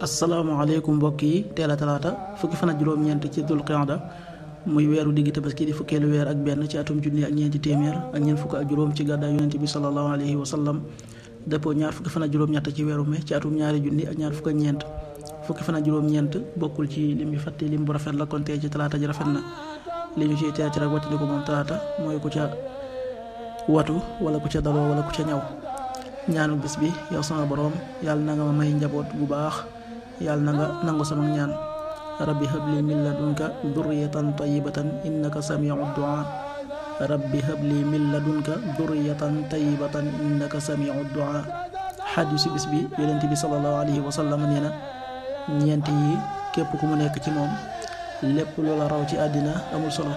asalaamaaleykum mbokk yi teel a talaata fukki fan ak juróom-ñeent ci dul qiyada muy weeru digg tabaski di fukkeelu weer ak benn ci atum junni ak ñeenti téeméer ak ñeent fukk ak juróom ci gàddaay yonent bi sallallahu alayhi wa sallam dëppoo ñaar fukki ñaar fukk ak ñeent fukki fan ak juróom-ñeent bokkul ci lim bi fàtte lim bu rafet la kon tey ci talaata ji rafet na li ñu ciy teeti rek wattandi ko moom talaata mooy ku ca watu wala ku ca daloo walla ku ca ñaw ñaanu bis bi yow sama boroom yàlla na nga ma may njaboot bu baax yàlla na nga nangu sama ñaan rabbi habli min ladunka durriyatan tayyibatan innaka samiu duaa rabbi habli min ladunka durriyatan innaka samiu duaa xadiisu bis bi yonent bi sallallahu nee ñeent yi képp ku mu nekk ci moom lépp loola raw ci àddina amul solo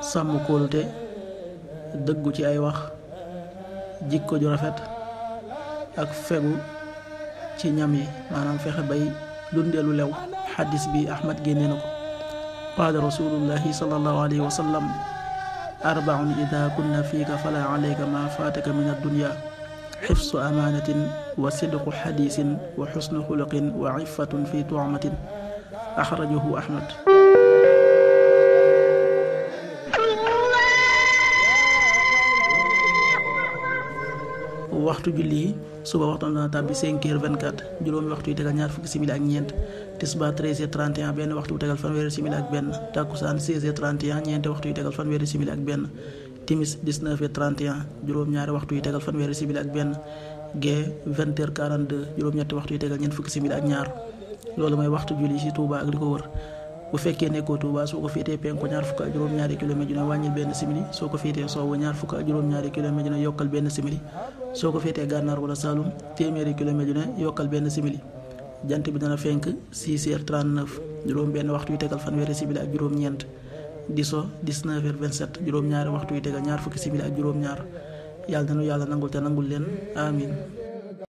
sàmm kóolute dëggu ci ay wax jikko ju rafet ak fegu ci ñam yi maanaam fexe bay lundeelu lew xadis bi ahmad génne na ko qaala rasulullahi sallallahu alayhi wa sallam arbaun ida kunna fiika fala alayka ma faataka min addunya xifsu amaanatin wa sidqu xadiisin wa xusnu xuluqin wa cifatun fi tucmatin axrajahu ahmad waxtu julli yi suba waxtaan dana tàbbi 5 heures 24 juróomi waxtu yu tegal ñaar fukki simili ak ñeent tisbaar 13 heures benn waxtu yu tegal fanweeri simili ak benn takkusaan 16 heures 31 ñeenti waxtu yu tegal fanweeri simili ak benn timis 19 heures 31 juróom-ñaari waxtu yu tegal fanweeri simili ak benn gee 20 heures 42 juróom-ñetti waxtu yu tegal ñeent fukki simili ak ñaar loolu mooy waxtu julli ci Touba ak li ko wër bu fekkee nekkoo Touba soo ko féetee penku ñaar fukk ak juróom-ñaari kilomètre dina wàññil benn simili soo ko féetee soowu ñaar fukk ak juróom-ñaari kilomètre dina wala Saloum téeméeri kilomètre dina yokkal benn simili jant bi dana fenk 6 heures 39 juróom benn waxtu yu tegal fanweeri simili ak juróom-ñeent di so 19 heures 27 ñaari waxtu yu tegal ñaar fukki simili ak juróom-ñaar yàlla nanu yàlla nangul te nangul leen amin